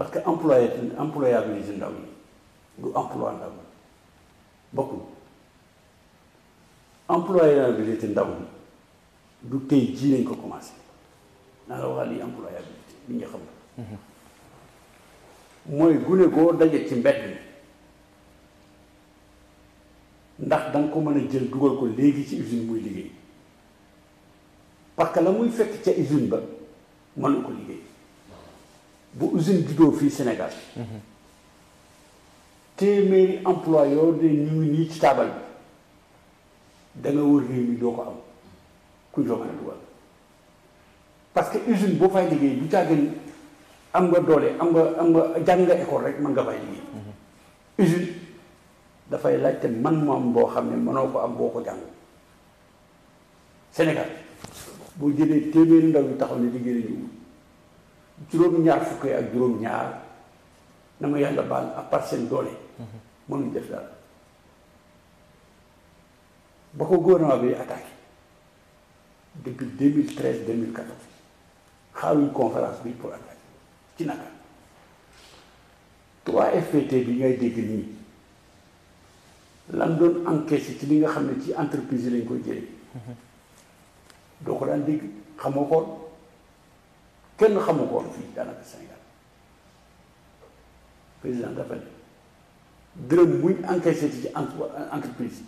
parce que employé employabilité ndaw yi du emploi ndaw yi bokkul employabilité ndaw yi du tey jii lañ ko commencé naa la waxal lii employabilité bi nga xam mooy gune goo daje ci mbedd mi ndax danga ko mën a jël dugal ko léegi ci usine muy liggéey parce que la muy fekk ca usine ba mënu ko liggéey bu usine juddoo fii Sénégal téeméeri emploi yoo ne ñu ngi nii ci taabal bi da wër réew mi doo ko am ku joo mën a dugal parce que usine boo fay liggéey du jàggin am nga doole am nga am nga jàng nga école rek mën nga fay liggéey usine dafay laajte man moom boo xam ne mënoo ko am boo ko jàng Sénégal boo jëlee téeméeri ndaw yu taxaw ne liggéey la ñu juróom-ñaar fukki ak juróom-ñaar na ma yàlla baal à part seen doole. mënuñ def daal ba ko gouvernement bi attaqué depuis 2013 2014 xaaruñ conférence bi pour attaqué ci naka 3FPT bi ngay dégg nii lan doon ci li nga xam ne ci entreprise yi lañ koy jëlee. Mhm. doo ko daan dégg xamoo ko. kenn xamu ko woon fii daanaka Sénégal président dafa ne dërëm buñ encaissé ci entreprise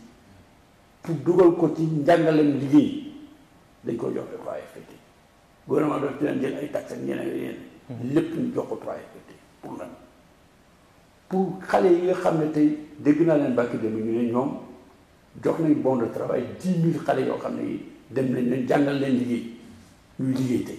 pour dugal ko ci njàngaleem liggéey dañ ko jox 3FPT gouvernement daf dina jël ay taxes ak ñeneen yeneen mmh. lépp ñu jox ko 3FPT pour xale yi nga xam ne tey dégg naa leen bàkki dem ñu ne ñoom jox nañ bon de travail mille xale yoo xam ne yi dem nañ leen jàngal leen liggéey ñuy liggéey tey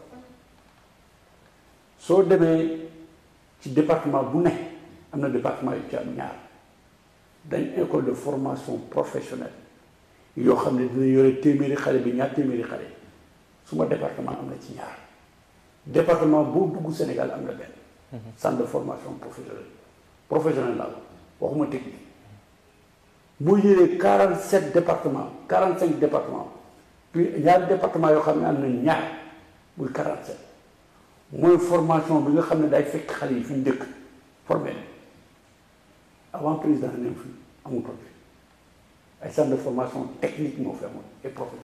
soo demee ci département bu ne département ci ñaar école de formation professionnelle yoo xam dina yore téeméeri xale bi ñaar téeméeri xale suma département am na ci ñaar département boo dugg Sénégal am na mhm. centre de formation professionnelle professionnelle laa waxuma technique boo yëree quarante sept département quarante cinq département puis ñaari département yoo xam ñaar mooy formation bi nga xam ne daay fekk xale yi fi ñu dëkk formel avant président ne fi amutoon ay centre de formation technique moo fi amoon et professionnel